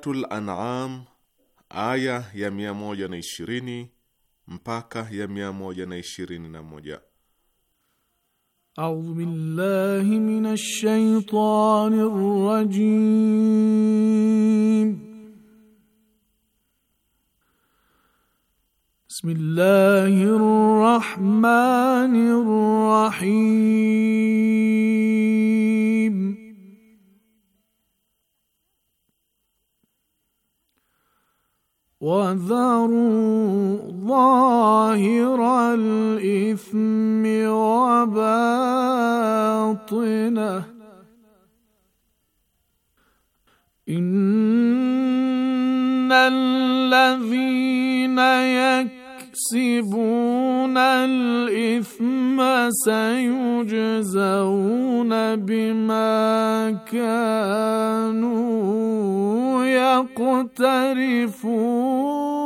Suratul An'am aya ya na ishirini mpaka ya 121. A'udhu billahi minash shaitanir rajim. Bismillahir rahmanir ظاهر الإثم وباطنه إن الذين يكسبون الإثم سيجزون بما كانوا يقترفون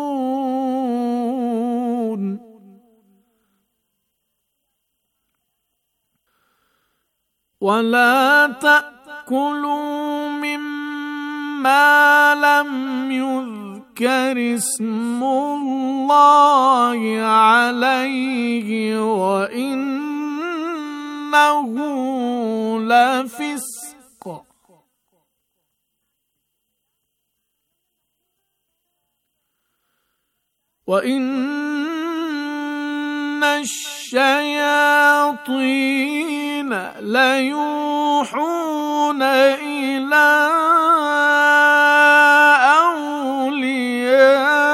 ولا تأكلوا مما لم يذكر اسم الله عليه وإنه لفسق وإن الشياطين ليوحون إلى أوليائهم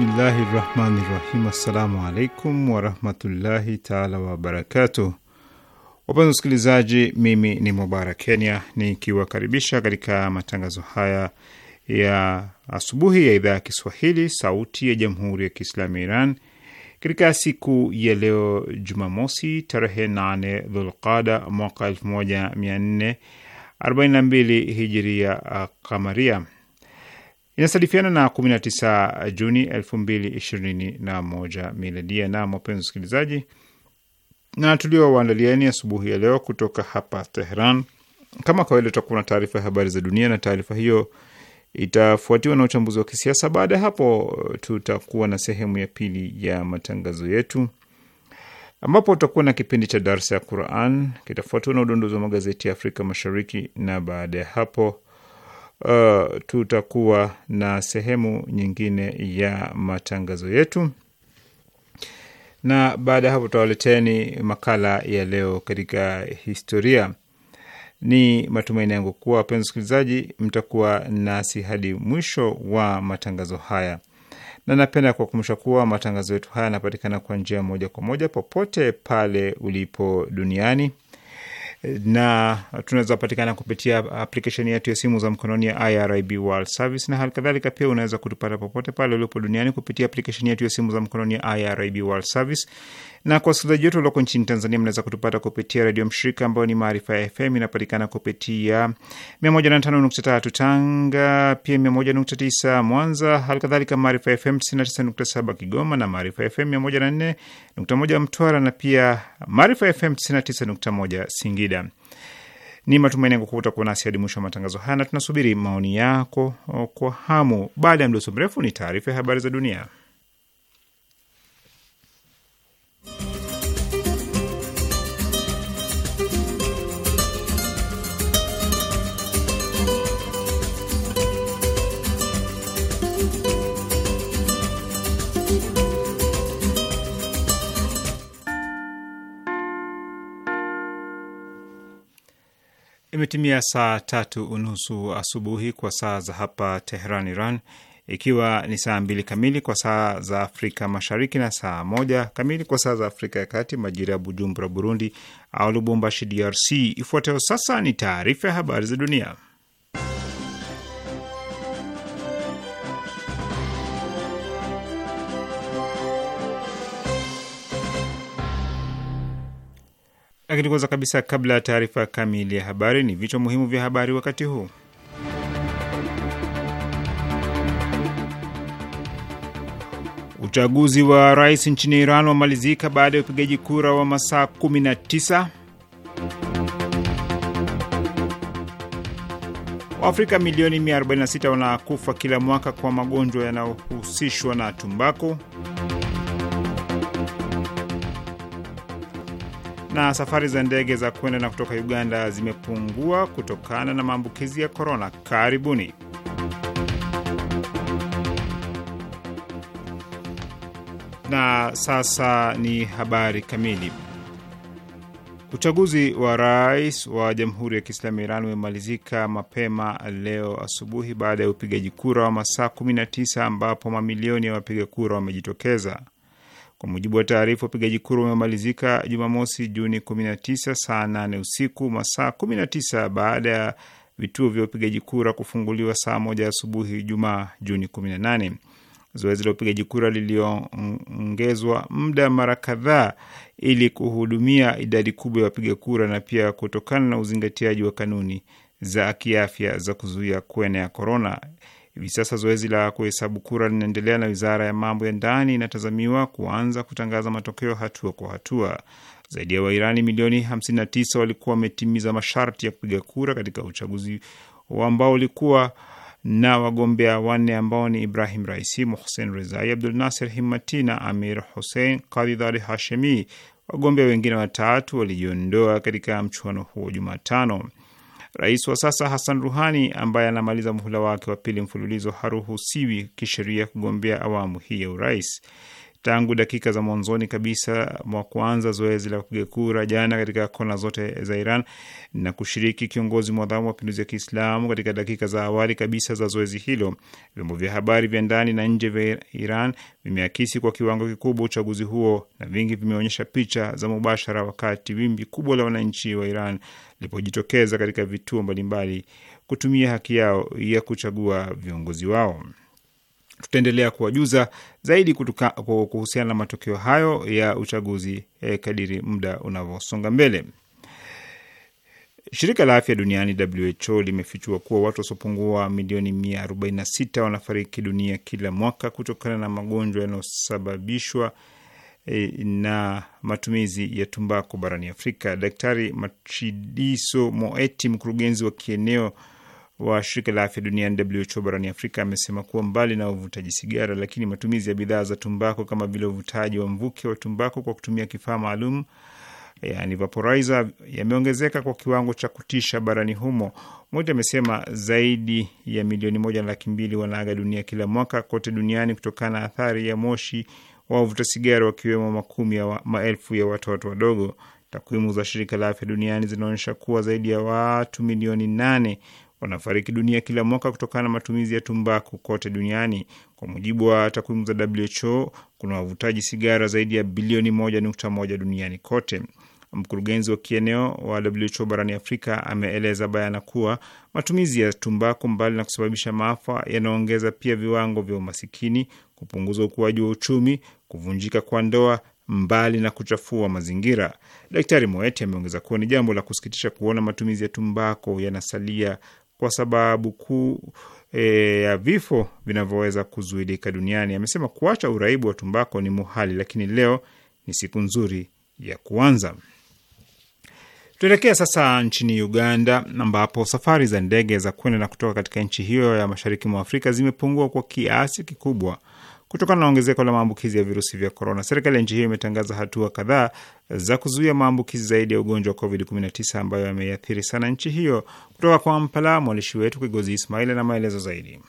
Bismillahi rahmani rahim. Assalamu alaikum warahmatullahi taala wabarakatuh. Wapenzi wasikilizaji, mimi ni Mubarak Kenya nikiwakaribisha katika matangazo haya ya asubuhi ya idhaa ya Kiswahili sauti ya jamhuri ya Kiislamu ya Iran katika siku ya leo Jumamosi tarehe 8 Dhulqada mwaka 1442 hijiria kamaria inasadifiana na 19 Juni 2021 miladia. na wapenzi wasikilizaji, na tuliowaandalieni asubuhi ya leo kutoka hapa Tehran, kama kawaida, tutakuwa na taarifa ya habari za dunia, na taarifa hiyo itafuatiwa na uchambuzi wa kisiasa. Baada ya hapo, tutakuwa na sehemu ya pili ya matangazo yetu ambapo utakuwa na kipindi cha darsa ya Quran, kitafuatiwa na udondozi wa magazeti ya Afrika Mashariki, na baada ya hapo uh, tutakuwa na sehemu nyingine ya matangazo yetu, na baada ya hapo tutawaleteni makala ya leo katika historia. Ni matumaini yangu kuwa wapenzi wasikilizaji, mtakuwa nasi hadi mwisho wa matangazo haya, na napenda kuwakumbusha kuwa matangazo yetu haya yanapatikana kwa njia moja kwa moja popote pale ulipo duniani na tunaweza patikana kupitia aplikesheni yetu ya simu za mkononi ya IRIB World Service, na hali kadhalika pia unaweza kutupata popote pale ulipo duniani kupitia aplikesheni yetu ya simu za mkononi ya IRIB World Service na kwa wasikilizaji wetu walioko nchini Tanzania, mnaweza kutupata kupitia redio mshirika ambayo ni Maarifa ya FM, inapatikana kupitia 105.3 Tanga, pia 101.9 Mwanza, hali kadhalika Maarifa ya FM 99.7 Kigoma na Maarifa ya FM 104.1 Mtwara na pia Maarifa ya FM 99.1 Singida. Ni matumaini yangu kuwa utakuwa nasi hadi mwisho wa matangazo haya, na tunasubiri maoni yako kwa hamu. Baada ya mdoso mrefu, ni taarifa ya habari za dunia. Imetimia saa tatu unusu asubuhi kwa saa za hapa Tehran, Iran, ikiwa ni saa mbili kamili kwa saa za Afrika Mashariki na saa moja kamili kwa saa za Afrika ya Kati, majira ya Bujumbura, Burundi, au Lubumbashi, DRC. Ifuatayo sasa ni taarifa ya habari za dunia. Lakini kwanza kabisa, kabla ya taarifa kamili ya habari, ni vichwa muhimu vya habari wakati huu. Uchaguzi wa rais nchini Iran wamalizika baada ya upigaji kura wa masaa 19. Waafrika milioni 146 wanakufa kila mwaka kwa magonjwa yanayohusishwa na tumbaku. na safari za ndege za kwenda na kutoka Uganda zimepungua kutokana na maambukizi ya korona. Karibuni. Na sasa ni habari kamili. Uchaguzi wa rais wa Jamhuri ya Kiislamu ya Iran umemalizika mapema leo asubuhi baada ya upigaji kura wa masaa 19 ambapo mamilioni ya wapiga kura wamejitokeza kwa mujibu wa taarifa, upigaji kura umemalizika Jumamosi Juni 19 saa 8 usiku, masaa 19 baada ya vituo vya upigaji kura kufunguliwa saa moja asubuhi jumaa Juni 18. Zoezi la upigaji kura liliongezwa muda mara kadhaa ili kuhudumia idadi kubwa ya wapiga kura na pia kutokana na uzingatiaji wa kanuni za kiafya za kuzuia kuenea korona. Hivi sasa zoezi la kuhesabu kura linaendelea na wizara ya mambo ya ndani inatazamiwa kuanza kutangaza matokeo hatua kwa hatua. Zaidi ya Wairani milioni 59 walikuwa wametimiza masharti ya kupiga kura katika uchaguzi ambao ulikuwa na wagombea wanne ambao ni Ibrahim Raisi, Mohsen Rezai, Abdul Nasir Himmati na Amir Hussein Kadhidhari Hashemi. Wagombea wengine watatu walijiondoa katika mchuano huo Jumatano. Rais wa sasa Hassan Ruhani, ambaye anamaliza muhula wake wa pili mfululizo, haruhusiwi kisheria kugombea awamu hii ya urais. Tangu dakika za mwanzoni kabisa mwa kuanza zoezi la kupiga kura jana katika kona zote za Iran na kushiriki kiongozi mwadhamu wa mapinduzi ya Kiislamu katika dakika za awali kabisa za zoezi hilo, vyombo vya habari vya ndani na nje vya Iran vimeakisi kwa kiwango kikubwa uchaguzi huo na vingi vimeonyesha picha za mubashara, wakati wimbi kubwa la wananchi wa Iran walipojitokeza katika vituo mbalimbali kutumia haki yao ya kuchagua viongozi wao. Tutaendelea kuwajuza zaidi kutuka, kuhusiana na matokeo hayo ya uchaguzi eh, kadiri muda unavyosonga mbele. Shirika la afya duniani WHO limefichua kuwa watu wasiopungua milioni 146 wanafariki dunia kila mwaka kutokana na magonjwa yanayosababishwa E, na matumizi ya tumbaku barani Afrika. Daktari machidiso Moeti, mkurugenzi wa kieneo wa shirika la afya duniani WHO barani Afrika, amesema kuwa mbali na uvutaji sigara, lakini matumizi ya bidhaa za tumbako kama vile uvutaji wa mvuke wa tumbako kwa kutumia kifaa maalum yani vaporizer yameongezeka kwa kiwango cha kutisha barani humo. Moja amesema zaidi ya milioni moja na laki mbili wanaaga dunia kila mwaka kote duniani kutokana na athari ya moshi wavuta sigara wakiwemo makumi ya wa, maelfu ya watoto wadogo. Takwimu za shirika la afya duniani zinaonyesha kuwa zaidi ya watu milioni nane wanafariki dunia kila mwaka kutokana na matumizi ya tumbaku kote duniani. Kwa mujibu wa takwimu za WHO, kuna wavutaji sigara zaidi ya bilioni moja nukta moja duniani kote. Mkurugenzi wa kieneo wa WHO barani Afrika ameeleza bayana kuwa matumizi ya tumbaku, mbali na kusababisha maafa, yanaongeza pia viwango vya umasikini, kupunguza ukuaji wa uchumi, kuvunjika kwa ndoa mbali na kuchafua mazingira. Daktari Moeti ameongeza kuwa ni jambo la kusikitisha kuona matumizi ya tumbako yanasalia kwa sababu kuu e, ya vifo vinavyoweza kuzuilika duniani. Amesema kuacha uraibu wa tumbako ni muhali, lakini leo ni siku nzuri ya kuanza tuelekea sasa nchini Uganda, ambapo safari za ndege za kwenda na kutoka katika nchi hiyo ya mashariki mwa Afrika zimepungua kwa kiasi kikubwa kutokana na ongezeko la maambukizi ya virusi vya korona. Serikali ya nchi hiyo imetangaza hatua kadhaa za kuzuia maambukizi zaidi ya ugonjwa wa COVID-19 ambayo yameathiri sana nchi hiyo. Kutoka kwa mpala mwandishi wetu Kigozi Ismail ana maelezo zaidi.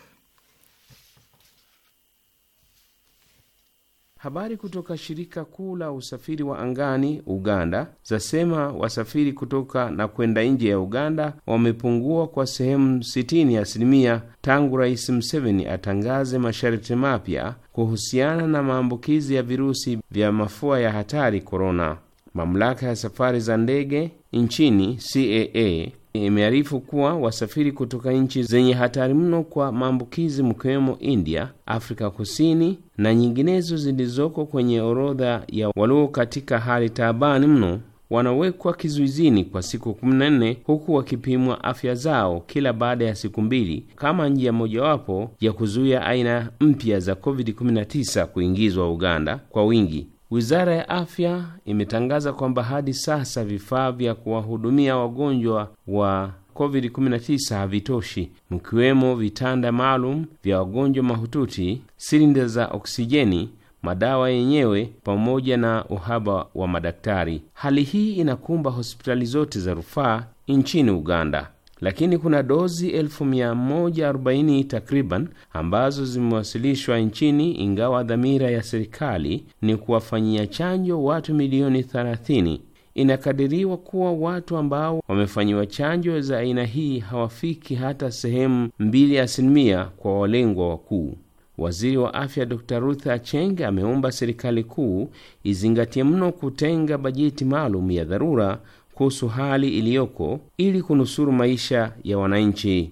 Habari kutoka shirika kuu la usafiri wa angani Uganda zasema wasafiri kutoka na kwenda nje ya Uganda wamepungua kwa sehemu 60 asilimia tangu Rais Museveni atangaze masharti mapya kuhusiana na maambukizi ya virusi vya mafua ya hatari korona. Mamlaka ya safari za ndege nchini CAA imearifu kuwa wasafiri kutoka nchi zenye hatari mno kwa maambukizi mkiwemo India, Afrika Kusini na nyinginezo zilizoko kwenye orodha ya walio katika hali taabani mno wanawekwa kizuizini kwa siku 14 huku wakipimwa afya zao kila baada ya siku mbili kama njia mojawapo ya kuzuia aina mpya za COVID-19 kuingizwa Uganda kwa wingi. Wizara ya Afya imetangaza kwamba hadi sasa vifaa vya kuwahudumia wagonjwa wa COVID-19 havitoshi, mkiwemo vitanda maalum vya wagonjwa mahututi, silinda za oksijeni, madawa yenyewe pamoja na uhaba wa madaktari. Hali hii inakumba hospitali zote za rufaa nchini Uganda lakini kuna dozi 140 takriban ambazo zimewasilishwa nchini, ingawa dhamira ya serikali ni kuwafanyia chanjo watu milioni 30. Inakadiriwa kuwa watu ambao wamefanyiwa chanjo za aina hii hawafiki hata sehemu mbili asilimia kwa walengwa wakuu. Waziri wa afya Dr Ruth Acheng ameomba serikali kuu izingatie mno kutenga bajeti maalum ya dharura kuhusu hali iliyoko ili kunusuru maisha ya wananchi.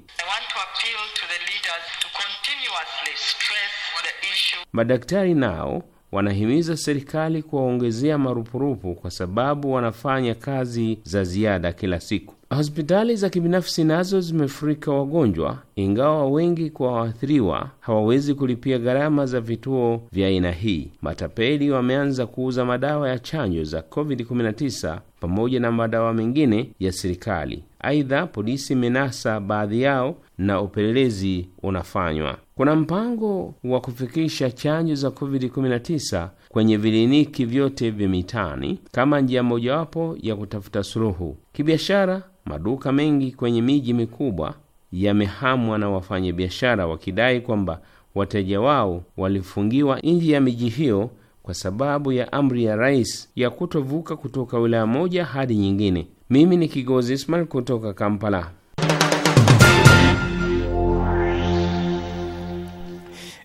Madaktari nao wanahimiza serikali kuwaongezea marupurupu kwa sababu wanafanya kazi za ziada kila siku. Hospitali za kibinafsi nazo zimefurika wagonjwa, ingawa wengi kwa waathiriwa hawawezi kulipia gharama za vituo vya aina hii. Matapeli wameanza kuuza madawa ya chanjo za COVID-19 pamoja na madawa mengine ya serikali. Aidha, polisi imenasa baadhi yao na upelelezi unafanywa. Kuna mpango wa kufikisha chanjo za COVID-19 kwenye viliniki vyote vya mitaani kama njia mojawapo ya kutafuta suluhu kibiashara. Maduka mengi kwenye miji mikubwa yamehamwa na wafanyabiashara wakidai kwamba wateja wao walifungiwa nje ya miji hiyo kwa sababu ya amri ya rais ya kutovuka kutoka wilaya moja hadi nyingine. Mimi ni Kigozi Ismail kutoka Kampala.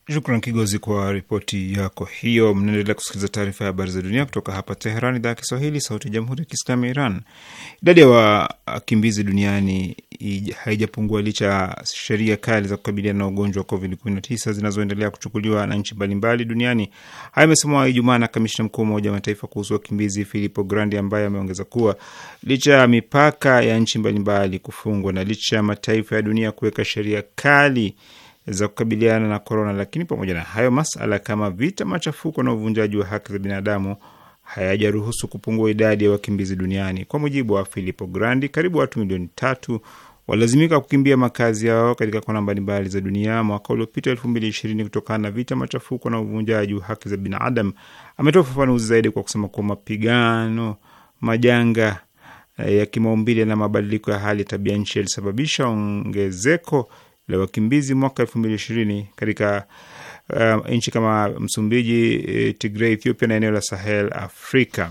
Shukran Kigozi kwa ripoti yako hiyo. Mnaendelea kusikiliza taarifa ya habari za dunia kutoka hapa Teheran, idhaa ya Kiswahili, sauti ya jamhuri ya kiislamu ya Iran. Idadi ya wakimbizi duniani haijapungua licha ya sheria kali za kukabiliana na ugonjwa wa COVID-19 zinazoendelea kuchukuliwa na nchi mbalimbali duniani. Hayo amesemwa Ijumaa na kamishina mkuu wa Umoja wa Mataifa kuhusu wakimbizi Filippo Grandi, ambaye ameongeza kuwa licha ya mipaka ya nchi mbalimbali kufungwa na licha ya mataifa ya dunia kuweka sheria kali za kukabiliana na korona. Lakini pamoja na hayo, masala kama vita, machafuko na uvunjaji wa haki za binadamu hayajaruhusu kupungua idadi ya wakimbizi duniani. Kwa mujibu wa Filippo Grandi, karibu watu milioni tatu walazimika kukimbia makazi yao katika kona mbalimbali za dunia mwaka uliopita elfu mbili ishirini kutokana na vita, machafuko na uvunjaji wa haki za binadamu. Ametoa ufafanuzi zaidi kwa kusema kuwa mapigano, majanga eh, ya kimaumbile na mabadiliko ya hali ya tabia nchi yalisababisha ongezeko la wakimbizi mwaka elfu mbili ishirini katika uh, nchi kama Msumbiji, eh, Tigray, Ethiopia na eneo la Sahel Afrika.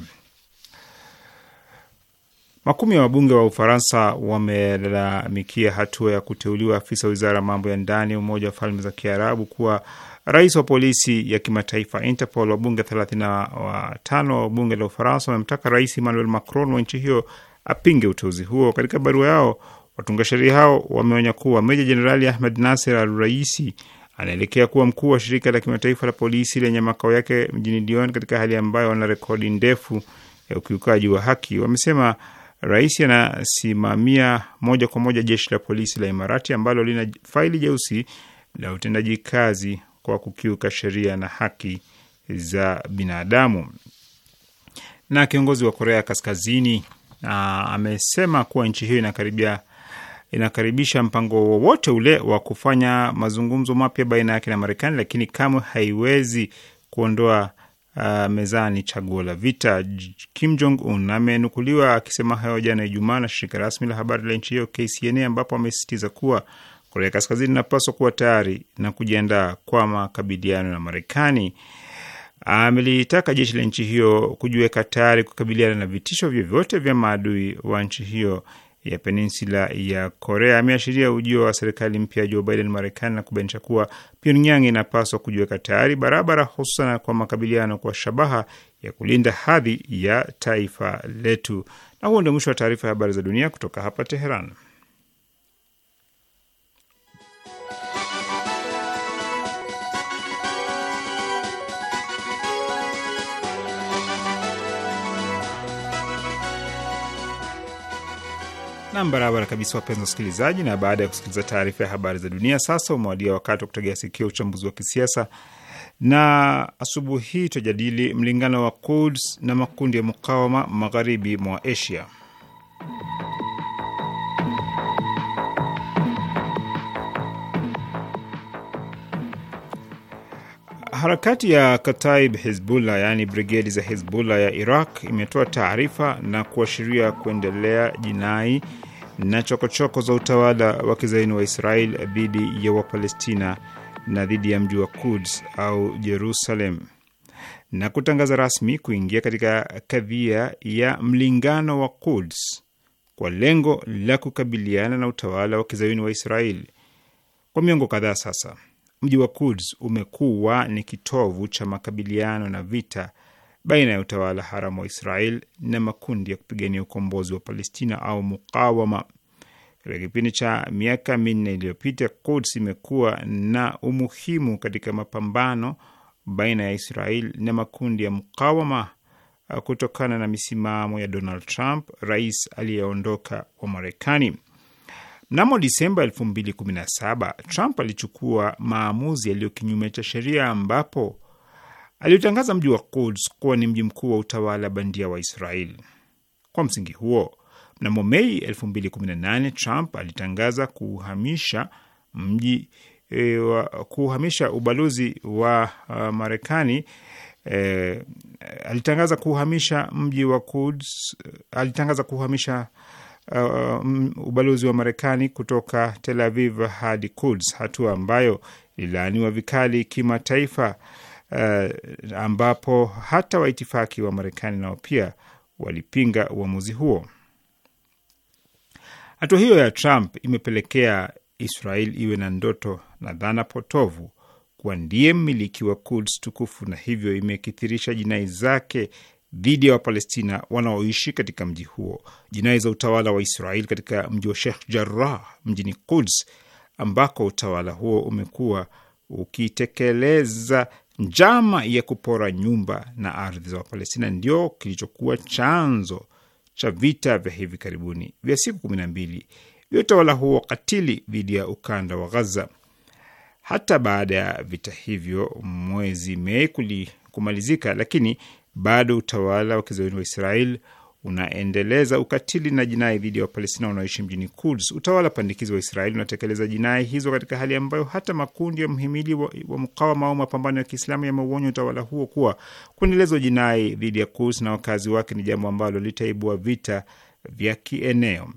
Makumi ya wabunge wa Ufaransa wamelalamikia hatua ya kuteuliwa afisa wizara ya mambo ya ndani Umoja wa Falme za Kiarabu kuwa rais wa polisi ya kimataifa Interpol. Wabunge thelathini wa bunge la Ufaransa wamemtaka Rais Emmanuel Macron wa nchi hiyo apinge uteuzi huo. Katika barua yao Watunga sheria hao wameonya kuwa Meja Jenerali Ahmed Nasser Al Raisi anaelekea kuwa mkuu wa shirika la kimataifa la polisi lenye makao yake mjini Dion katika hali ambayo ana rekodi ndefu ya ukiukaji wa haki. Wamesema rais anasimamia moja kwa moja jeshi la polisi la Imarati ambalo lina faili jeusi la utendaji kazi kwa kukiuka sheria na haki za binadamu. Na kiongozi wa Korea Kaskazini uh, amesema kuwa nchi hiyo inakaribia inakaribisha mpango wowote ule wa kufanya mazungumzo mapya baina yake na Marekani, lakini kamwe haiwezi kuondoa uh, mezani chaguo la vita. Kim Jong Un amenukuliwa akisema hayo jana Ijumaa na shirika rasmi la habari la nchi hiyo KCNA, ambapo amesisitiza kuwa Korea Kaskazini inapaswa kuwa tayari na kujiandaa kwa makabiliano na Marekani. Amelitaka jeshi la nchi hiyo kujiweka tayari kukabiliana na vitisho vyovyote vya maadui wa nchi hiyo ya peninsula ya Korea ameashiria ujio wa serikali mpya ya Joe Biden Marekani na kubainisha kuwa Pyongyang inapaswa kujiweka tayari barabara, hususan kwa makabiliano kwa shabaha ya kulinda hadhi ya taifa letu. Na huo ndio mwisho wa taarifa ya habari za dunia kutoka hapa Teheran. Nam, barabara kabisa, wapenzi wasikilizaji. Na baada ya kusikiliza taarifa ya habari za dunia, sasa umewadia wakati wa kutegea sikio uchambuzi wa kisiasa, na asubuhi hii tutajadili mlingano wa Quds na makundi ya mukawama magharibi mwa Asia. Harakati ya Kataib Hizbullah, yaani brigedi za Hizbullah ya Iraq imetoa taarifa na kuashiria kuendelea jinai na chokochoko -choko za utawala wa kizaini wa Israel dhidi ya Wapalestina na dhidi ya mji wa Kuds au Jerusalem na kutangaza rasmi kuingia katika kadhia ya mlingano wa Kuds kwa lengo la kukabiliana na utawala wa kizayuni wa Israeli kwa miongo kadhaa sasa mji wa Kuds umekuwa ni kitovu cha makabiliano na vita baina ya utawala haramu wa Israel na makundi ya kupigania ukombozi wa Palestina au mukawama. Katika kipindi cha miaka minne iliyopita, Kuds imekuwa na umuhimu katika mapambano baina ya Israel na makundi ya mukawama kutokana na misimamo ya Donald Trump, rais aliyeondoka wa Marekani. Mnamo Disemba 2017 Trump alichukua maamuzi yaliyo kinyume cha sheria, ambapo aliutangaza mji wa Quds kuwa ni mji mkuu wa utawala bandia wa israel Kwa msingi huo, mnamo Mei 2018 Trump alitangaza kuhamisha mji e, wa, kuhamisha ubalozi wa uh, Marekani e, alitangaza kuhamisha mji wa Quds, e, alitangaza kuhamisha uh, ubalozi wa Marekani kutoka Tel Aviv hadi Kuds, hatua ambayo ililaaniwa vikali kimataifa, uh, ambapo hata waitifaki wa Marekani nao pia walipinga uamuzi huo. Hatua hiyo ya Trump imepelekea Israel iwe na ndoto na dhana potovu kuwa ndiye mmiliki wa tukufu na hivyo imekithirisha jinai zake dhidi ya Wapalestina wanaoishi katika mji huo. Jinai za utawala wa Israel katika mji wa Sheikh Jarrah mjini Quds, ambako utawala huo umekuwa ukitekeleza njama ya kupora nyumba na ardhi za Wapalestina, ndio kilichokuwa chanzo cha vita vya hivi karibuni vya siku kumi na mbili vya utawala huo katili dhidi ya ukanda wa Gaza. Hata baada ya vita hivyo mwezi Mei kumalizika, lakini bado utawala wa kizayuni wa Israel unaendeleza ukatili na jinai dhidi ya Wapalestina wanaoishi mjini Kuds. Utawala pandikizi wa Israeli unatekeleza jinai hizo katika hali ambayo hata makundi ya mhimili wa, wa mkawama au mapambano ya Kiislamu yameuonya utawala huo kuwa kuendelezwa jinai dhidi ya Kuds na wakazi wake ni jambo ambalo litaibua vita vya kieneo.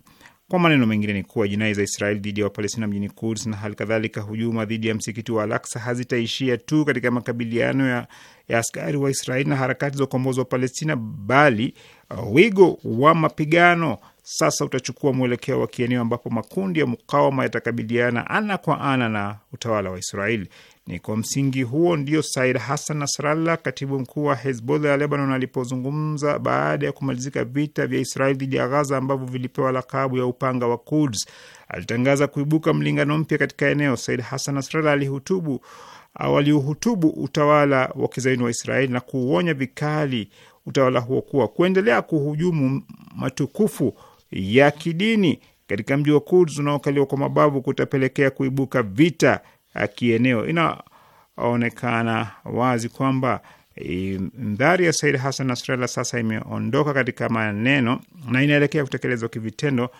Kwa maneno mengine ni kuwa jinai za Israeli dhidi ya Wapalestina mjini Kuds na hali kadhalika hujuma dhidi ya msikiti wa Alaksa hazitaishia tu katika makabiliano ya, ya askari wa Israeli na harakati za ukombozi wa Palestina, bali uh, wigo wa mapigano sasa utachukua mwelekeo wa kieneo ambapo makundi ya mukawama yatakabiliana ana kwa ana na utawala wa Israeli. Ni kwa msingi huo ndio Said Hassan Nasrallah, katibu mkuu wa Hezbollah ya Lebanon, alipozungumza baada ya kumalizika vita vya Israeli dhidi ya Ghaza ambavyo vilipewa lakabu ya upanga wa Kuds, alitangaza kuibuka mlingano mpya katika eneo. Said Hassan Nasrallah alihutubu waliuhutubu utawala wa kizaini wa Israeli na kuuonya vikali utawala huo kuwa kuendelea kuhujumu matukufu ya kidini katika mji wa Kuds unaokaliwa kwa mabavu kutapelekea kuibuka vita kieneo. Inaonekana wazi kwamba mdhari e, ya Said Hassan Nasrallah sasa imeondoka katika maneno na inaelekea kutekelezwa kivitendo,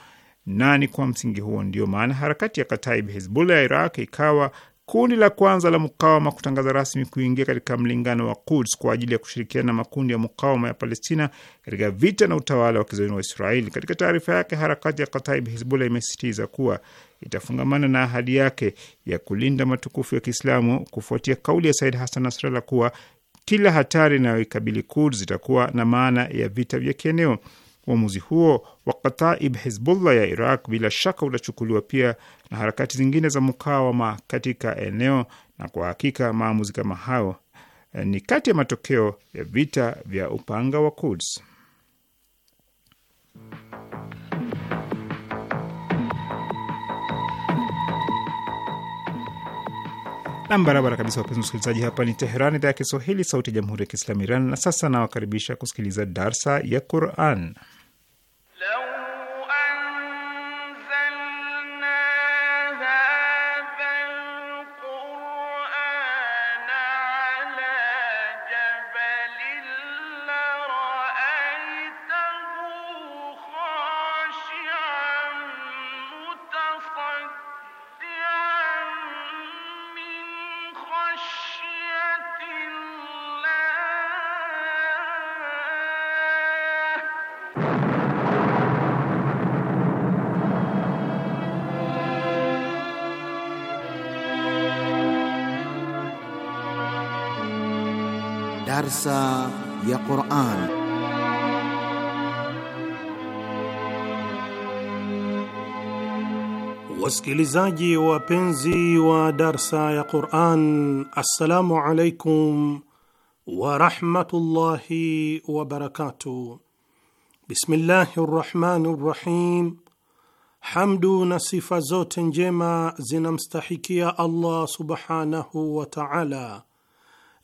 na ni kwa msingi huo ndio maana harakati ya Kataib Hizbullah ya Iraq ikawa kundi la kwanza la mukawama kutangaza rasmi kuingia katika mlingano wa Quds kwa ajili ya kushirikiana na makundi ya mukawama ya Palestina katika vita na utawala wa kizayuni wa Israeli. Katika taarifa yake, harakati ya Kataib Hizbullah imesisitiza kuwa itafungamana na ahadi yake ya kulinda matukufu ya Kiislamu kufuatia kauli ya Said Hassan Nasrallah kuwa kila hatari inayoikabili Quds itakuwa na maana ya vita vya kieneo. Uamuzi huo wa Kataib Hizbullah ya Iraq bila shaka utachukuliwa pia na harakati zingine za mukawama katika eneo, na kwa hakika maamuzi kama hayo eh, ni kati ya matokeo ya vita vya upanga wa kuds Nam, barabara kabisa, wapenzi msikilizaji, hapa ni Teheran, idhaa ya Kiswahili, sauti ya jamhuri ya kiislamu Iran. Na sasa nawakaribisha kusikiliza darsa ya Quran. darsa ya Qur'an. Wasikilizaji wapenzi wa darsa ya Qur'an, assalamu alaikum wa wabarakatuh wa barakatuh. Bismillahi rahmani rahim. Hamdu na sifa zote njema zinamstahikia Allah subhanahu wa ta'ala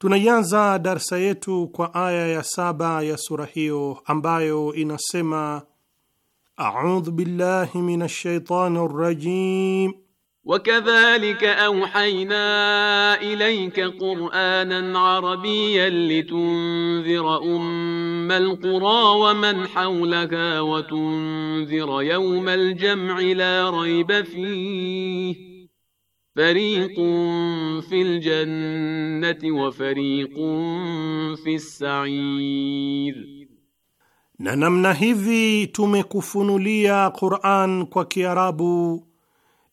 Tunaianza darsa yetu kwa aya ya saba ya sura hiyo ambayo inasema audhu billahi min ashaitani rajim وكذلك أوحينا إليك قرآنا عربيا لتنذر أم القرى ومن حولها وتنذر يوم الجمع la ريب فيه Fariqun fil jannati wa fariqun fis sa'ir, na namna hivi tumekufunulia Qur'an kwa Kiarabu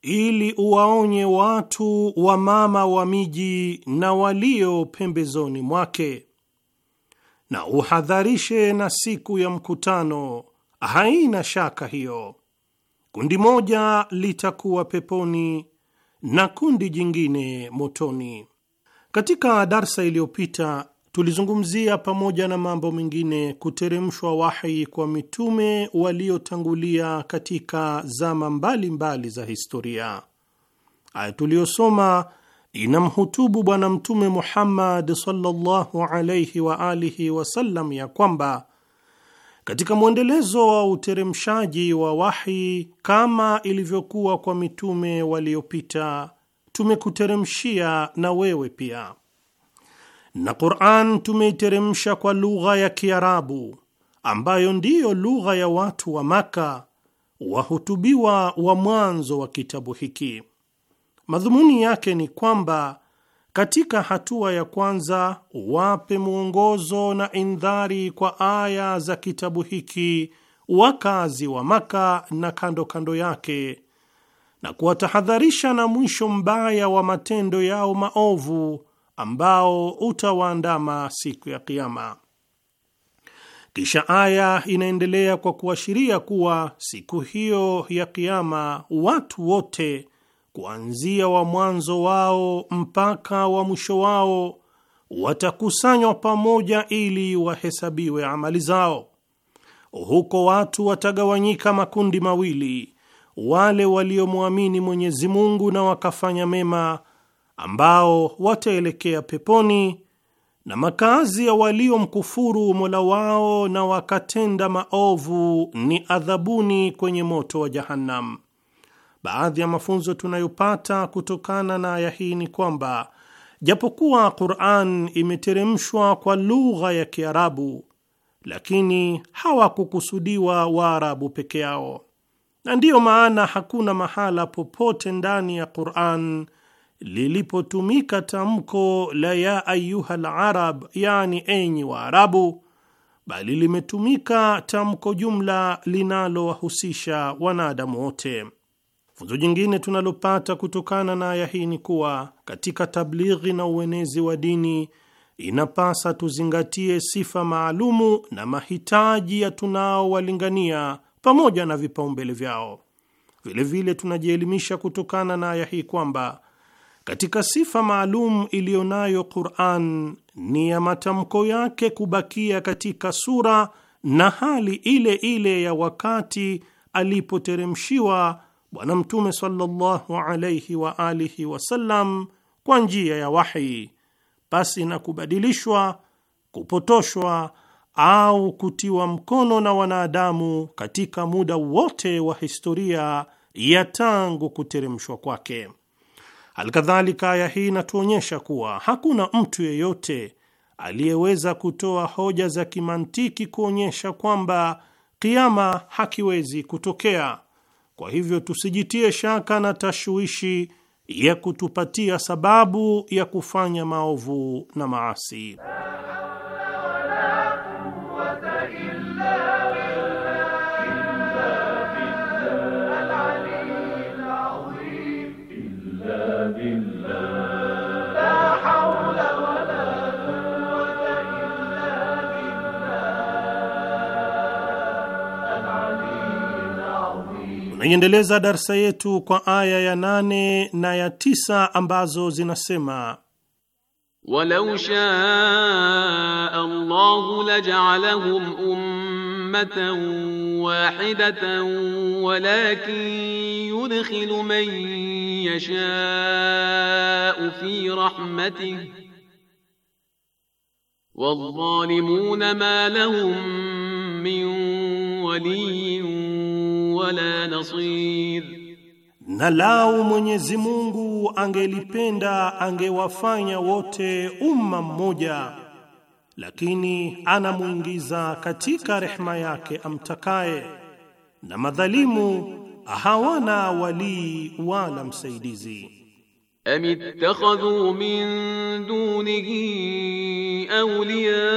ili uwaonye watu wa mama wa miji na walio pembezoni mwake, na uhadharishe na siku ya mkutano. Haina shaka hiyo, kundi moja litakuwa peponi na kundi jingine motoni. Katika darsa iliyopita tulizungumzia pamoja na mambo mengine kuteremshwa wahi kwa mitume waliotangulia katika zama mbalimbali mbali za historia. Aya tuliyosoma inamhutubu Bwana Mtume Muhammad sallallahu alayhi wa alihi wasallam ya kwamba katika mwendelezo wa uteremshaji wa wahi, kama ilivyokuwa kwa mitume waliopita, tumekuteremshia na wewe pia, na Qur'an tumeiteremsha kwa lugha ya Kiarabu ambayo ndiyo lugha ya watu wa Maka, wahutubiwa wa mwanzo wa kitabu hiki. Madhumuni yake ni kwamba katika hatua ya kwanza, wape mwongozo na indhari kwa aya za kitabu hiki wakazi wa Maka na kando kando yake, na kuwatahadharisha na mwisho mbaya wa matendo yao maovu ambao utawaandama siku ya Kiama. Kisha aya inaendelea kwa kuashiria kuwa siku hiyo ya Kiama watu wote kuanzia wa mwanzo wao mpaka wa mwisho wao watakusanywa pamoja ili wahesabiwe amali zao. Huko watu watagawanyika makundi mawili, wale waliomwamini Mwenyezi Mungu na wakafanya mema, ambao wataelekea peponi, na makazi ya waliomkufuru Mola wao na wakatenda maovu ni adhabuni kwenye moto wa Jahannam. Baadhi ya mafunzo tunayopata kutokana na aya hii ni kwamba japokuwa Qur'an imeteremshwa kwa lugha ya Kiarabu, lakini hawakukusudiwa Waarabu peke yao, na ndiyo maana hakuna mahala popote ndani ya Qur'an lilipotumika tamko la ya ayyuhal arab, yani enyi Waarabu, bali limetumika tamko jumla linalowahusisha wanadamu wote. Funzo jingine tunalopata kutokana na aya hii ni kuwa katika tablighi na uenezi wa dini inapasa tuzingatie sifa maalumu na mahitaji ya tunaowalingania pamoja na vipaumbele vyao. Vilevile vile tunajielimisha kutokana na aya hii kwamba katika sifa maalum iliyo nayo Qur'an ni ya matamko yake kubakia katika sura na hali ile ile ya wakati alipoteremshiwa Bwana Mtume sallallahu alaihi wa alihi wasallam kwa njia ya wahi, pasi na kubadilishwa, kupotoshwa au kutiwa mkono na wanadamu katika muda wote wa historia ya tangu kuteremshwa kwake. Alkadhalika, aya hii inatuonyesha kuwa hakuna mtu yeyote aliyeweza kutoa hoja za kimantiki kuonyesha kwamba kiama hakiwezi kutokea kwa hivyo tusijitie shaka na tashwishi ya kutupatia sababu ya kufanya maovu na maasi. Tunaiendeleza darsa yetu kwa aya ya nane na ya tisa ambazo zinasema walau shaa Allahu laj'alahum ummatan wahidatan walakin yudkhilu man yasha'u fi rahmatihi wadhalimuna ma lahum min waliyin wala nasir, na lau Mwenyezi Mungu angelipenda angewafanya wote umma mmoja, lakini anamwingiza katika rehma yake amtakaye, na madhalimu hawana walii wala msaidizi. Am ittakhadhu min dunihi awliya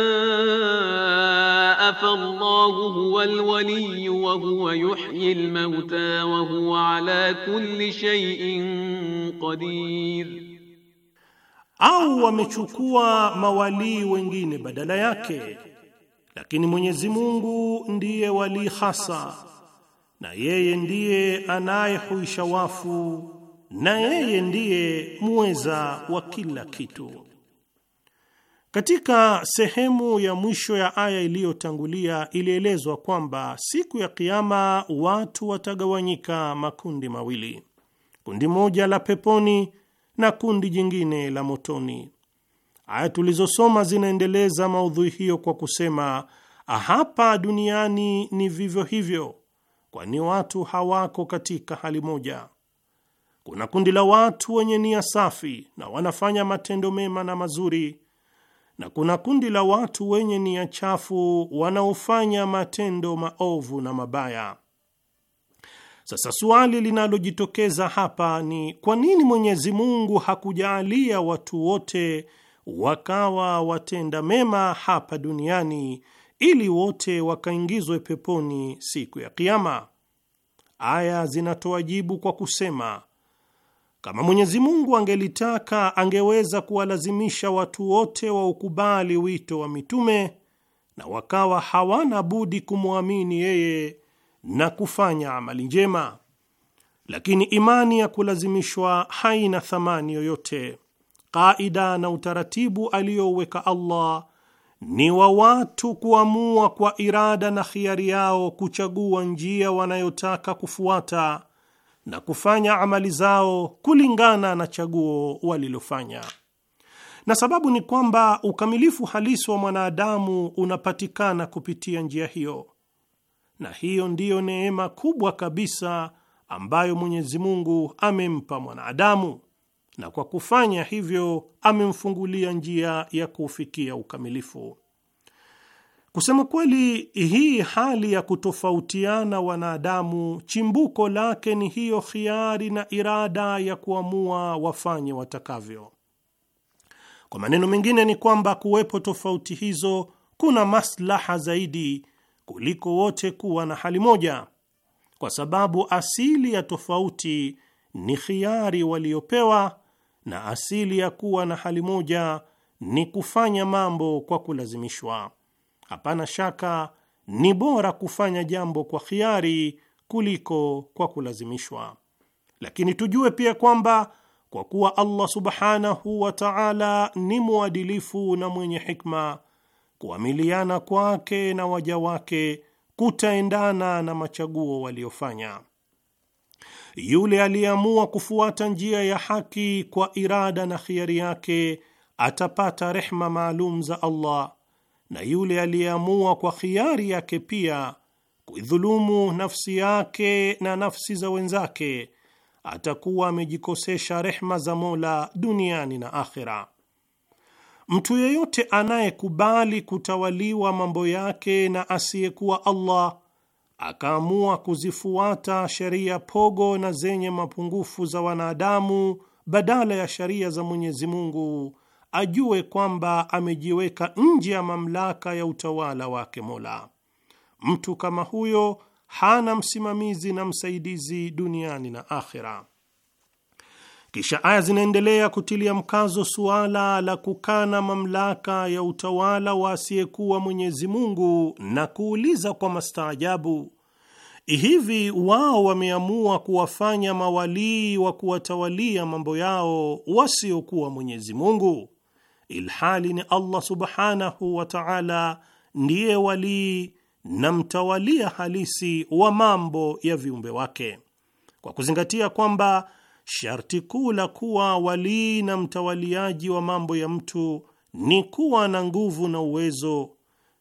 fallahu huwa alwaliyu wa huwa yuhyi almauta wa huwa ala kulli shay'in qadir, au wamechukua mawalii wengine badala yake, lakini Mwenyezi Mungu ndiye walii hasa, na yeye ndiye anayehuisha wafu, na yeye ndiye muweza wa kila kitu. Katika sehemu ya mwisho ya aya iliyotangulia ilielezwa kwamba siku ya Kiama watu watagawanyika makundi mawili, kundi moja la peponi na kundi jingine la motoni. Aya tulizosoma zinaendeleza maudhui hiyo kwa kusema hapa duniani ni vivyo hivyo, kwani watu hawako katika hali moja. Kuna kundi la watu wenye nia safi na wanafanya matendo mema na mazuri na kuna kundi la watu wenye nia chafu wanaofanya matendo maovu na mabaya. Sasa suali linalojitokeza hapa ni kwa nini Mwenyezi Mungu hakujaalia watu wote wakawa watenda mema hapa duniani ili wote wakaingizwe peponi siku ya Kiama? Aya zinatoa jibu kwa kusema kama Mwenyezi Mungu angelitaka angeweza kuwalazimisha watu wote waukubali wito wa mitume na wakawa hawana budi kumwamini yeye na kufanya amali njema, lakini imani ya kulazimishwa haina thamani yoyote. Kaida na utaratibu aliyouweka Allah ni wa watu kuamua kwa irada na khiari yao kuchagua njia wanayotaka kufuata na kufanya amali zao kulingana na chaguo walilofanya. Na sababu ni kwamba ukamilifu halisi wa mwanadamu unapatikana kupitia njia hiyo, na hiyo ndiyo neema kubwa kabisa ambayo Mwenyezi Mungu amempa mwanadamu, na kwa kufanya hivyo amemfungulia njia ya kufikia ukamilifu. Kusema kweli, hii hali ya kutofautiana wanadamu, chimbuko lake ni hiyo khiari na irada ya kuamua wafanye watakavyo. Kwa maneno mengine, ni kwamba kuwepo tofauti hizo kuna maslaha zaidi kuliko wote kuwa na hali moja, kwa sababu asili ya tofauti ni khiari waliopewa, na asili ya kuwa na hali moja ni kufanya mambo kwa kulazimishwa hapana shaka ni bora kufanya jambo kwa khiari kuliko kwa kulazimishwa. Lakini tujue pia kwamba kwa kuwa Allah subhanahu wa ta'ala ni mwadilifu na mwenye hikma, kuamiliana kwake na waja wake kutaendana na machaguo waliofanya. Yule aliyeamua kufuata njia ya haki kwa irada na khiari yake atapata rehma maalum za Allah na yule aliyeamua kwa khiari yake pia kuidhulumu nafsi yake na nafsi za wenzake atakuwa amejikosesha rehma za Mola duniani na akhera. Mtu yeyote anayekubali kutawaliwa mambo yake na asiyekuwa Allah akaamua kuzifuata sheria pogo na zenye mapungufu za wanadamu badala ya sheria za Mwenyezi Mungu ajue kwamba amejiweka nje ya mamlaka ya utawala wake Mola. Mtu kama huyo hana msimamizi na msaidizi duniani na akhera. Kisha aya zinaendelea kutilia mkazo suala la kukana mamlaka ya utawala wa asiyekuwa Mwenyezi Mungu na kuuliza kwa mastaajabu, hivi wao wameamua kuwafanya mawalii wa kuwatawalia mambo yao wasiokuwa Mwenyezi Mungu? ilhali ni Allah subhanahu wa ta'ala ndiye walii na mtawalia halisi wa mambo ya viumbe wake, kwa kuzingatia kwamba sharti kuu la kuwa walii na mtawaliaji wa mambo ya mtu ni kuwa na nguvu na uwezo,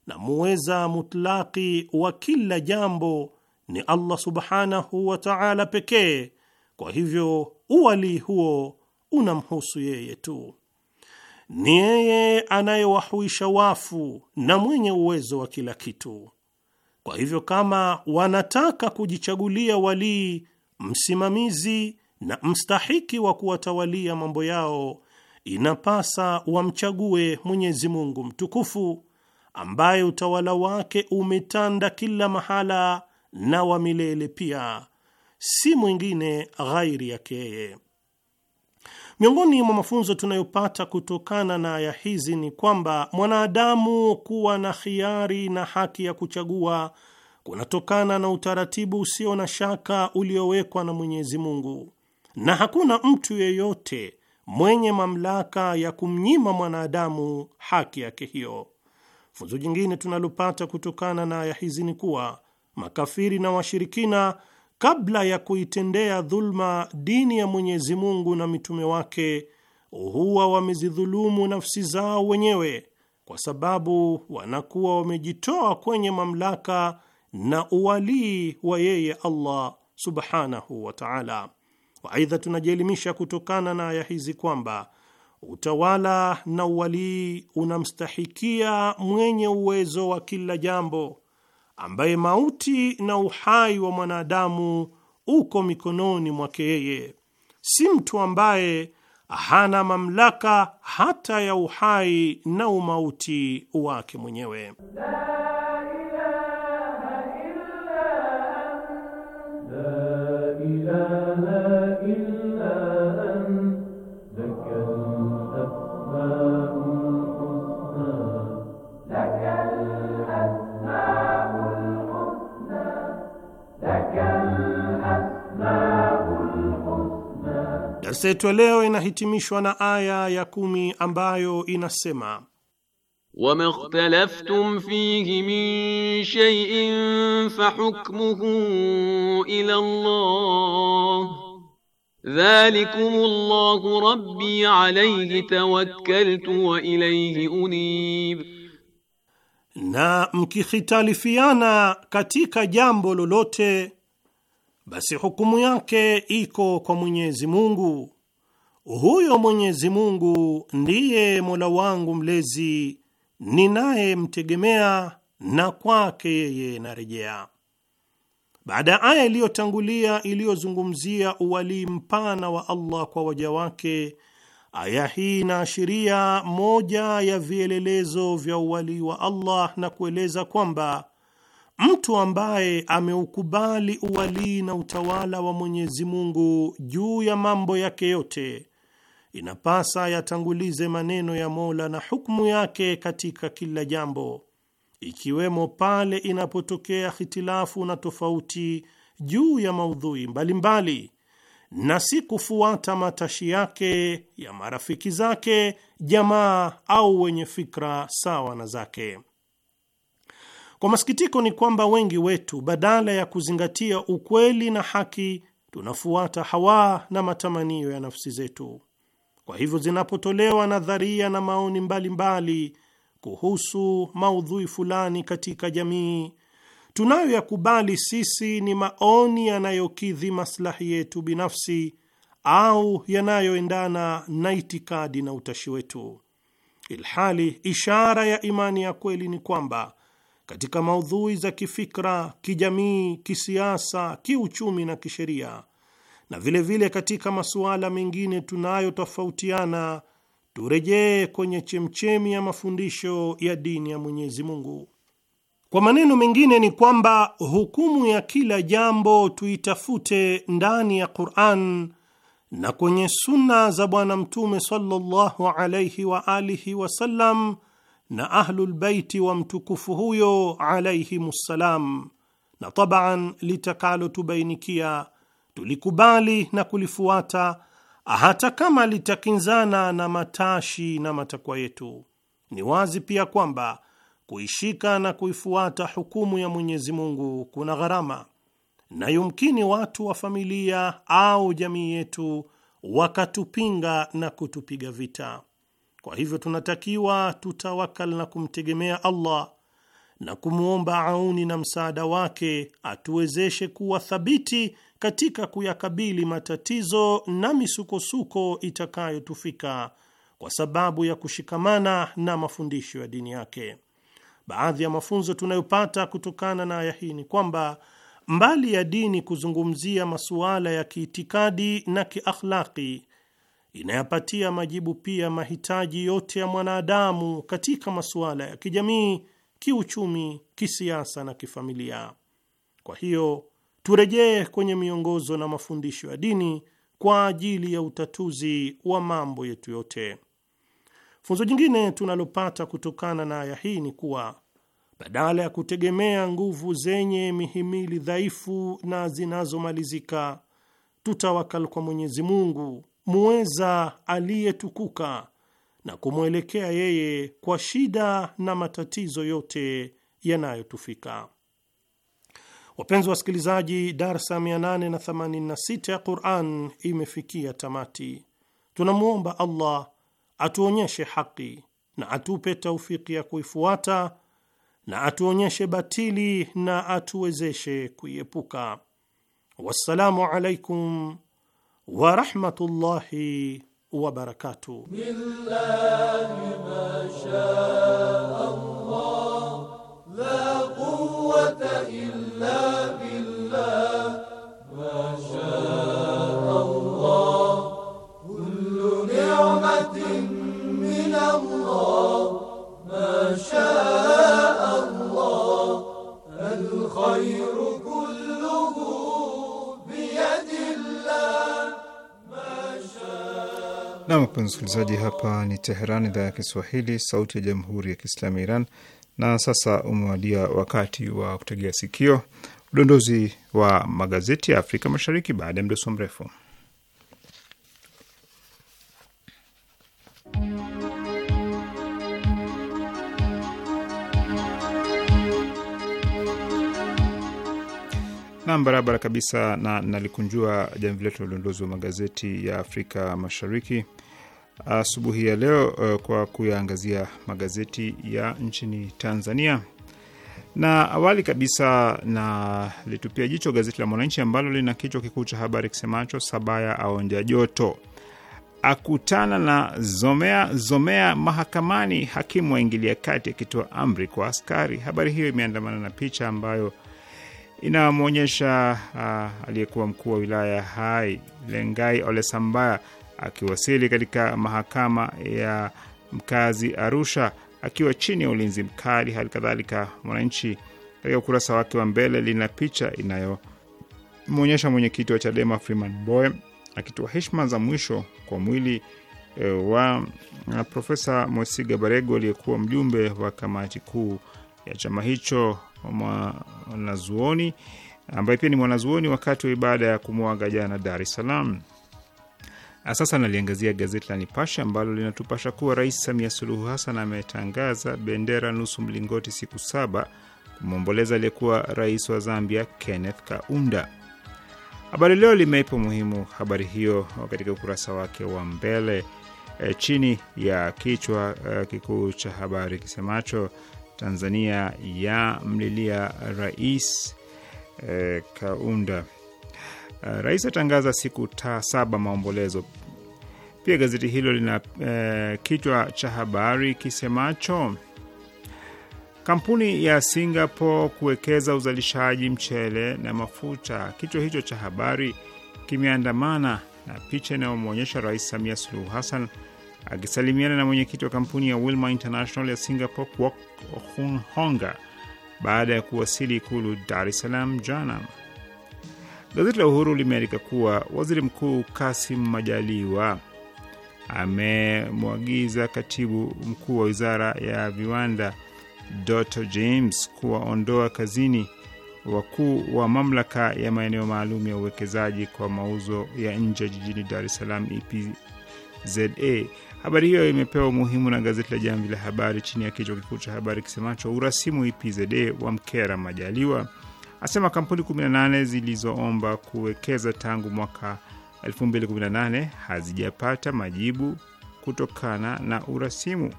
na muweza mutlaki wa kila jambo ni Allah subhanahu wa ta'ala pekee. Kwa hivyo uwalii huo unamhusu yeye tu. Ni yeye anayewahuisha wafu na mwenye uwezo wa kila kitu. Kwa hivyo, kama wanataka kujichagulia walii, msimamizi na mstahiki wa kuwatawalia mambo yao, inapasa wamchague Mwenyezi Mungu mtukufu ambaye utawala wake umetanda kila mahala na wa milele pia, si mwingine ghairi yake yeye. Miongoni mwa mafunzo tunayopata kutokana na aya hizi ni kwamba mwanadamu kuwa na khiari na haki ya kuchagua kunatokana na utaratibu usio na shaka uliowekwa na Mwenyezi Mungu, na hakuna mtu yeyote mwenye mamlaka ya kumnyima mwanadamu haki yake hiyo. Funzo jingine tunalopata kutokana na aya hizi ni kuwa makafiri na washirikina kabla ya kuitendea dhulma dini ya Mwenyezi Mungu na mitume wake, huwa wamezidhulumu nafsi zao wenyewe, kwa sababu wanakuwa wamejitoa kwenye mamlaka na uwalii wa yeye Allah subhanahu wa ta'ala. Waaidha, tunajielimisha kutokana na aya hizi kwamba utawala na uwalii unamstahikia mwenye uwezo wa kila jambo ambaye mauti na uhai wa mwanadamu uko mikononi mwake yeye, si mtu ambaye hana mamlaka hata ya uhai na umauti wake mwenyewe. Darsa yetu ya leo inahitimishwa na aya ya kumi ambayo inasema wama ikhtalaftum fihi min shay'in fahukmuhu ila Allah dhalikum Allahu rabbi alayhi tawakkaltu wa ilayhi unib, na mkikhitalifiana katika jambo lolote basi hukumu yake iko kwa Mwenyezi Mungu. Huyo Mwenyezi Mungu ndiye Mola wangu mlezi ninayemtegemea na kwake yeye narejea. Baada ya aya iliyotangulia iliyozungumzia uwalii mpana wa Allah kwa waja wake, aya hii inaashiria moja ya vielelezo vya uwalii wa Allah na kueleza kwamba Mtu ambaye ameukubali uwalii na utawala wa Mwenyezi Mungu juu ya mambo yake yote, inapasa yatangulize maneno ya Mola na hukumu yake katika kila jambo, ikiwemo pale inapotokea hitilafu na tofauti juu ya maudhui mbalimbali mbali, na si kufuata matashi yake ya marafiki zake, jamaa au wenye fikra sawa na zake. Kwa masikitiko ni kwamba wengi wetu badala ya kuzingatia ukweli na haki, tunafuata hawa na matamanio ya nafsi zetu. Kwa hivyo, zinapotolewa nadharia na maoni mbalimbali mbali kuhusu maudhui fulani katika jamii, tunayoyakubali sisi ni maoni yanayokidhi maslahi yetu binafsi au yanayoendana na itikadi na utashi wetu, ilhali ishara ya imani ya kweli ni kwamba katika maudhui za kifikra, kijamii, kisiasa, kiuchumi na kisheria, na vilevile vile katika masuala mengine tunayotofautiana, turejee kwenye chemchemi ya mafundisho ya dini ya Mwenyezi Mungu. Kwa maneno mengine ni kwamba hukumu ya kila jambo tuitafute ndani ya Qur'an na kwenye sunna za Bwana Mtume sallallahu alayhi wa alihi wasallam na ahlulbaiti wa mtukufu huyo ssalam na tabaan litakalotubainikia tulikubali na kulifuata hata kama litakinzana na matashi na matakwa yetu. Ni wazi pia kwamba kuishika na kuifuata hukumu ya Mwenyezi Mungu kuna gharama, na yumkini watu wa familia au jamii yetu wakatupinga na kutupiga vita. Kwa hivyo tunatakiwa tutawakal na kumtegemea Allah na kumwomba auni na msaada wake atuwezeshe kuwa thabiti katika kuyakabili matatizo na misukosuko itakayotufika kwa sababu ya kushikamana na mafundisho ya dini yake. Baadhi ya mafunzo tunayopata kutokana na aya hii ni kwamba mbali ya dini kuzungumzia masuala ya kiitikadi na kiakhlaki inayapatia majibu pia mahitaji yote ya mwanadamu katika masuala ya kijamii, kiuchumi, kisiasa na kifamilia. Kwa hiyo turejee kwenye miongozo na mafundisho ya dini kwa ajili ya utatuzi wa mambo yetu yote. Funzo jingine tunalopata kutokana na aya hii ni kuwa badala ya kutegemea nguvu zenye mihimili dhaifu na zinazomalizika, tutawakal kwa Mwenyezi Mungu muweza aliyetukuka na kumwelekea yeye kwa shida na matatizo yote yanayotufika. Wapenzi wasikilizaji, darsa 886 ya Quran imefikia tamati. Tunamwomba Allah atuonyeshe haki na atupe taufiki ya kuifuata na atuonyeshe batili na atuwezeshe kuiepuka. wassalamu alaikum ورحمة الله وبركاته بالله ما شاء الله لا قوة إلا بالله ما شاء الله كل نعمة من الله ما شاء الله الخير Nam, mpenzi msikilizaji, hapa ni Teheran, idhaa ya Kiswahili, sauti ya jamhuri ya kiislamu Iran. Na sasa umewadia wakati wa kutegea sikio udondozi wa magazeti ya Afrika Mashariki baada ya mdoso mrefu. Nam, barabara kabisa, na nalikunjua jamvi letu la udondozi wa magazeti ya Afrika Mashariki asubuhi ya leo uh, kwa kuyaangazia magazeti ya nchini Tanzania. Na awali kabisa na litupia jicho gazeti la Mwananchi ambalo lina kichwa kikuu cha habari kisemacho Sabaya aonja joto, akutana na zomea zomea mahakamani, hakimu waingilia kati akitoa amri kwa askari. Habari hiyo imeandamana na picha ambayo inamwonyesha uh, aliyekuwa mkuu wa wilaya Hai Lengai Ole Sambaya akiwasili katika mahakama ya mkazi Arusha akiwa chini ya ulinzi mkali. Hali kadhalika, Mwananchi katika ukurasa wake wa mbele lina picha inayomwonyesha mwenyekiti wa Chadema Freeman boy akitoa heshima za mwisho kwa mwili e, wa Profesa Mwesiga Barego aliyekuwa mjumbe wa kamati kuu ya chama hicho, mwanazuoni ambaye pia ni mwanazuoni, wakati wa ibada ya kumwaga jana Dar es Salaam. Sasa naliangazia gazeti la Nipashe ambalo linatupasha kuwa Rais Samia Suluhu Hassan ametangaza bendera nusu mlingoti siku saba kumwomboleza aliyekuwa rais wa Zambia Kenneth Kaunda. Habari Leo limeipa umuhimu habari hiyo katika ukurasa wake wa mbele e, chini ya kichwa e, kikuu cha habari kisemacho Tanzania ya mlilia rais e, Kaunda. Eh, rais atangaza siku ta saba maombolezo. Pia gazeti hilo lina e, kichwa cha habari kisemacho kampuni ya Singapore kuwekeza uzalishaji mchele na mafuta. Kichwa hicho cha habari kimeandamana na picha inayomwonyesha Rais Samia Suluhu Hassan akisalimiana na mwenyekiti wa kampuni ya Wilma International ya Singapore Kwok Hoon Honga baada ya kuwasili Ikulu Dar es Salaam jana. Gazeti la Uhuru limeandika kuwa waziri mkuu Kasim Majaliwa amemwagiza katibu mkuu wa wizara ya viwanda Dr James kuwaondoa kazini wakuu wa mamlaka ya maeneo maalum ya uwekezaji kwa mauzo ya nje jijini Dar es Salaam EPZA. Habari hiyo imepewa umuhimu na gazeti la Jamvi la Habari chini ya kichwa kikuu cha habari kisemacho urasimu EPZA wa mkera Majaliwa asema kampuni 18 zilizoomba kuwekeza tangu mwaka 2018 hazijapata majibu kutokana na urasimu.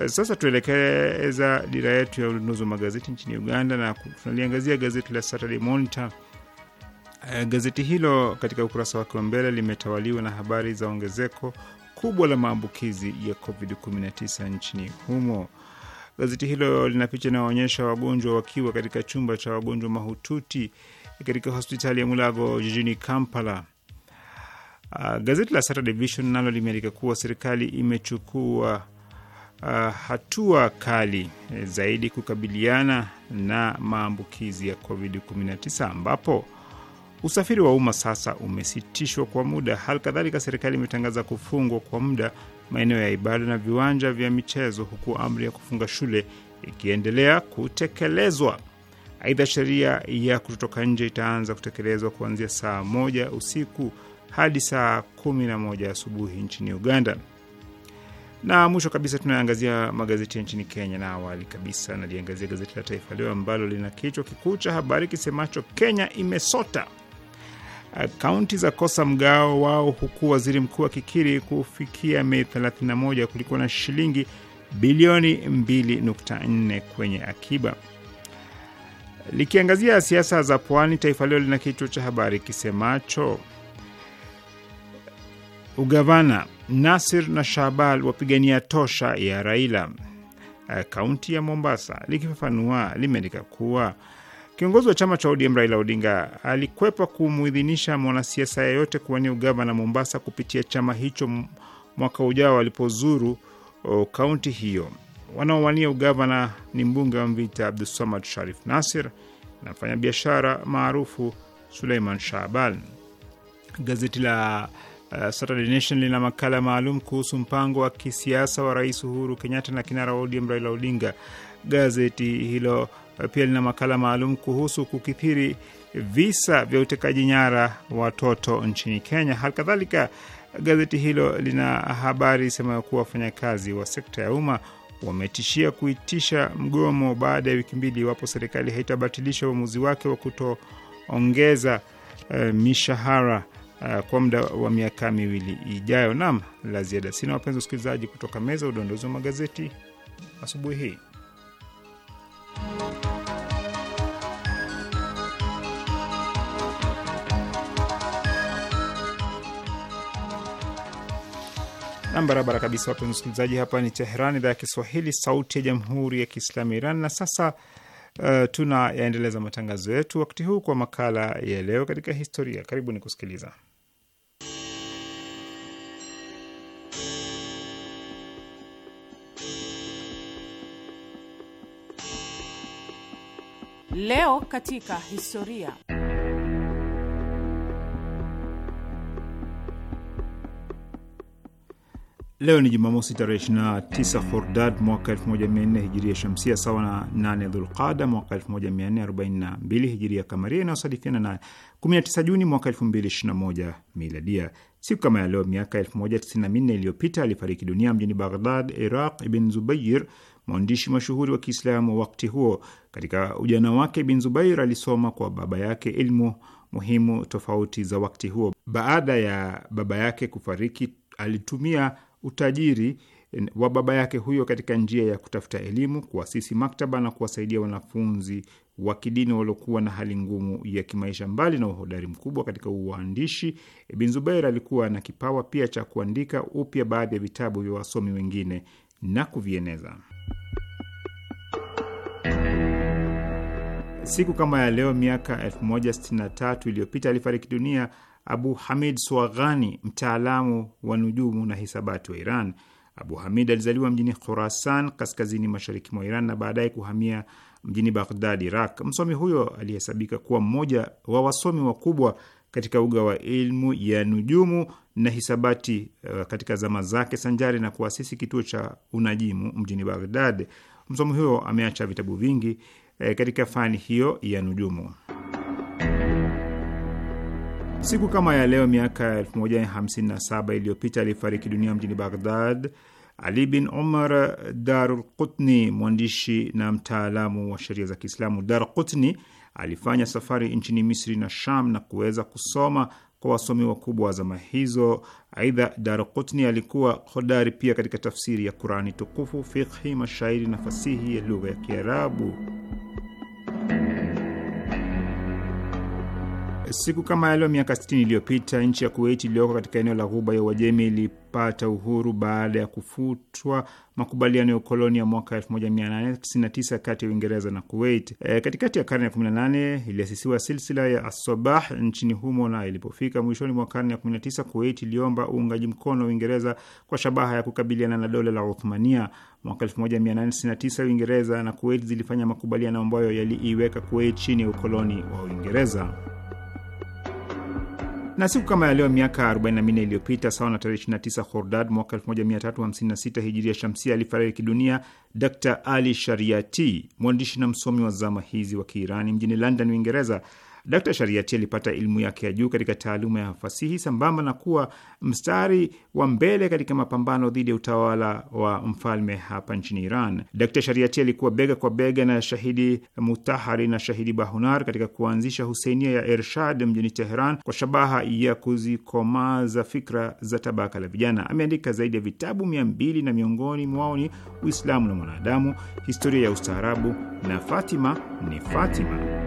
Eh, sasa tuelekeza dira yetu ya ununuzi wa magazeti nchini Uganda na tunaliangazia gazeti la Saturday Monitor. Eh, gazeti hilo katika ukurasa wake wa mbele limetawaliwa na habari za ongezeko kubwa la maambukizi ya COVID-19 nchini humo. Gazeti hilo lina picha inayoonyesha wagonjwa wakiwa katika chumba cha wagonjwa mahututi katika hospitali ya Mulago jijini Kampala. Uh, gazeti la Saturday Vision nalo limeandika kuwa serikali imechukua uh, hatua kali eh, zaidi kukabiliana na maambukizi ya COVID-19 ambapo usafiri wa umma sasa umesitishwa kwa muda. Hali kadhalika, serikali imetangaza kufungwa kwa muda maeneo ya ibada na viwanja vya michezo, huku amri ya kufunga shule ikiendelea kutekelezwa. Aidha, sheria ya kutotoka nje itaanza kutekelezwa kuanzia saa moja usiku hadi saa kumi na moja asubuhi nchini Uganda. Na mwisho kabisa tunaangazia magazeti ya nchini Kenya, na awali kabisa naliangazia gazeti la Taifa Leo ambalo lina kichwa kikuu cha habari kisemacho Kenya imesota. Uh, kaunti za kosa mgao wao, huku waziri mkuu akikiri kufikia Mei 31 kulikuwa na shilingi bilioni 2.4 kwenye akiba. Likiangazia siasa za pwani, Taifa Leo lina kichwa cha habari kisemacho ugavana Nasir na Shabal wapigania tosha ya Raila uh, kaunti ya Mombasa. Likifafanua limeandika kuwa Kiongozi wa chama cha ODM Raila Odinga alikwepa kumwidhinisha mwanasiasa yeyote kuwania ugavana Mombasa kupitia chama hicho mwaka ujao alipozuru kaunti hiyo. Wanaowania ugavana ni mbunge wa Mvita abdusamad Sharif Nasir na mfanyabiashara maarufu Suleiman Shaaban. Gazeti la uh, Saturday Nation lina makala maalum kuhusu mpango wa kisiasa wa Rais Uhuru Kenyatta na kinara wa ODM Raila Odinga. Gazeti hilo pia lina makala maalum kuhusu kukithiri visa vya utekaji nyara watoto nchini Kenya. Hali kadhalika gazeti hilo lina habari isemayo kuwa wafanyakazi wa sekta ya umma wametishia kuitisha mgomo baada ya wiki mbili iwapo serikali haitabatilisha uamuzi wake wa kutoongeza uh, mishahara uh, kwa muda wa miaka miwili ijayo. Nam la ziada sina, wapenzi wasikilizaji, kutoka meza udondozi wa magazeti asubuhi hii. Nam, barabara kabisa, wapenzi wasikilizaji, hapa ni Teheran, idhaa ya Kiswahili, sauti ya jamhuri ya kiislamu ya Iran. Na sasa uh, tunayaendeleza matangazo yetu wakati huu kwa makala ya leo katika historia. Karibuni kusikiliza. Leo katika historia. Leo ni Jumamosi tarehe 29 Hordad mwaka 1400 hijiria shamsia sawa na 8 Dhulqada mwaka 1442 hijiria kamaria inayosadifiana na 19 Juni mwaka 2021 miladia. Siku kama ya leo miaka 1094 iliyopita alifariki dunia mjini Baghdad, Iraq, Ibn Zubayr mwandishi mashuhuri wa Kiislamu wa wakti huo. Katika ujana wake, Bin Zubair alisoma kwa baba yake ilmu muhimu tofauti za wakti huo. Baada ya baba yake kufariki, alitumia utajiri wa baba yake huyo katika njia ya kutafuta elimu, kuasisi maktaba na kuwasaidia wanafunzi wa kidini waliokuwa na hali ngumu ya kimaisha. Mbali na uhodari mkubwa katika uandishi, Ibn Zubair alikuwa na kipawa pia cha kuandika upya baadhi ya vitabu vya wasomi wengine na kuvieneza. Siku kama ya leo miaka 1063 iliyopita alifariki dunia Abu Hamid Swaghani, mtaalamu wa nujumu na hisabati wa Iran. Abu Hamid alizaliwa mjini Khurasan, kaskazini mashariki mwa Iran, na baadaye kuhamia mjini Baghdad, Iraq. Msomi huyo alihesabika kuwa mmoja wa wasomi wakubwa katika uga wa ilmu ya nujumu na hisabati uh, katika zama zake, sanjari na kuasisi kituo cha unajimu mjini Baghdad. Msomi huyo ameacha vitabu vingi E, katika fani hiyo ya nujumu. Siku kama ya leo miaka 157 iliyopita alifariki dunia mjini Baghdad Ali bin Umar Darqutni, mwandishi na mtaalamu wa sheria za Kiislamu. Darqutni alifanya safari nchini Misri na Sham na kuweza kusoma kwa wasomi wakubwa wa zama hizo. Aidha, Darqutni alikuwa hodari pia katika tafsiri ya Qurani tukufu, fikhi, mashairi na fasihi ya lugha ya Kiarabu. Siku kama yaleo miaka 60 iliyopita nchi ya Kuwait iliyoko katika eneo la Ghuba ya Uajemi ilipata uhuru baada ya kufutwa makubaliano ya ukoloni ya mwaka 1899 kati ya Uingereza na Kuwait. E, katikati ya karne ya 18 iliasisiwa silsila ya Asabah nchini humo, na ilipofika mwishoni mwa karne ya 19 Kuwait iliomba uungaji mkono wa Uingereza kwa shabaha ya kukabiliana na dola la Uthmania. Mwaka 1899 Uingereza na Kuwait zilifanya makubaliano ambayo yaliiweka Kuwait chini ya ukoloni wa Uingereza na siku kama ya leo miaka 44 iliyopita, sawa na tarehe 29 Khordad mwaka 1356 hijiria shamsia, alifariki dunia Dr Ali Shariati, mwandishi na msomi wa zama hizi wa Kiirani mjini London, Uingereza. Dkt. Shariati alipata elimu yake ya juu katika taaluma ya fasihi sambamba na kuwa mstari wa mbele katika mapambano dhidi ya utawala wa mfalme hapa nchini Iran. Dkt. Shariati alikuwa bega kwa bega na Shahidi Mutahari na Shahidi Bahunar katika kuanzisha Huseinia ya Ershad mjini Teheran kwa shabaha ya kuzikomaza fikra za tabaka la vijana. Ameandika zaidi ya vitabu mia mbili na miongoni mwao ni Uislamu na Mwanadamu, Historia ya Ustaarabu na Fatima ni Fatima.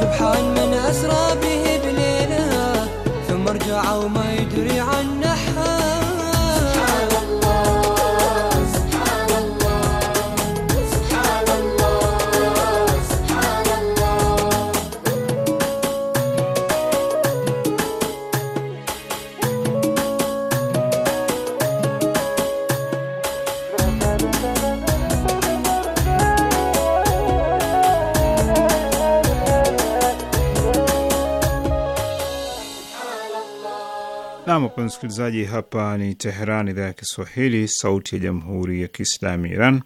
سبحان من أسرى به بليلها ثم ارجع وما يدري عنه Wapenzi msikilizaji, hapa ni Teheran, idhaa ya Kiswahili, sauti ya jamhuri ya kiislami Iran.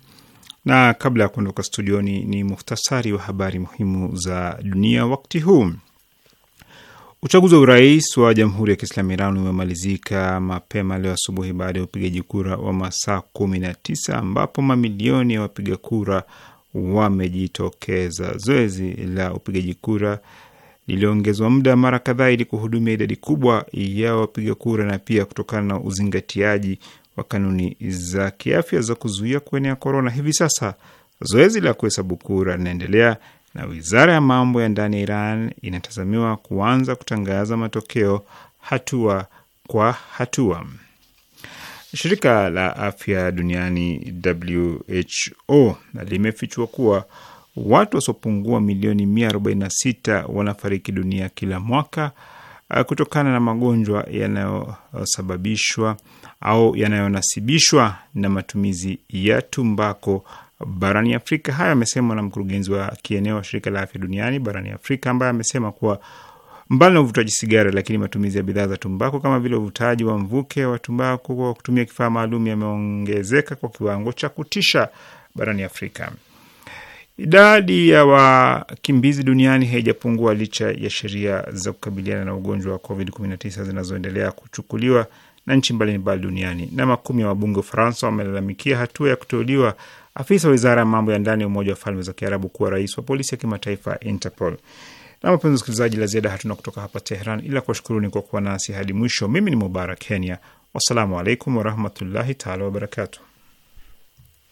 Na kabla ya kuondoka studioni, ni muhtasari wa habari muhimu za dunia wakti huu. Uchaguzi wa urais wa jamhuri ya kiislami Iran umemalizika mapema leo asubuhi baada ya upigaji kura wa masaa kumi na tisa ambapo mamilioni ya wapiga kura wamejitokeza. Zoezi la upigaji kura iliongezwa muda mara kadhaa ili kuhudumia idadi kubwa ya wapiga kura na pia kutokana na uzingatiaji wa kanuni za kiafya za kuzuia kuenea korona. Hivi sasa zoezi la kuhesabu kura linaendelea na wizara ya mambo ya ndani ya Iran inatazamiwa kuanza kutangaza matokeo hatua kwa hatua. Shirika la afya duniani WHO limefichua kuwa watu wasiopungua milioni 146 wanafariki dunia kila mwaka uh, kutokana na magonjwa yanayosababishwa au yanayonasibishwa na matumizi ya tumbako barani Afrika. Haya amesemwa na mkurugenzi wa kieneo wa shirika la afya duniani barani Afrika, ambaye amesema kuwa mbali na uvutaji sigara, lakini matumizi ya bidhaa za tumbako kama vile uvutaji wa mvuke wa tumbako kwa kutumia kifaa maalum yameongezeka kwa kiwango cha kutisha barani Afrika. Idadi ya wakimbizi duniani haijapungua licha ya sheria za kukabiliana na ugonjwa wa COVID-19 zinazoendelea kuchukuliwa na nchi mbalimbali duniani. Na makumi ya wabunge wa Ufaransa wamelalamikia hatua ya kuteuliwa afisa wa wizara ya mambo ya ndani ya Umoja wa Falme za Kiarabu kuwa rais wa polisi ya kimataifa Interpol. Na wapenzi msikilizaji, la ziada hatuna kutoka hapa Tehran ila kuwashukuruni kwa kuwa nasi hadi mwisho. Mimi ni Mubarak Kenya, wassalamu alaikum warahmatullahi taala wabarakatu.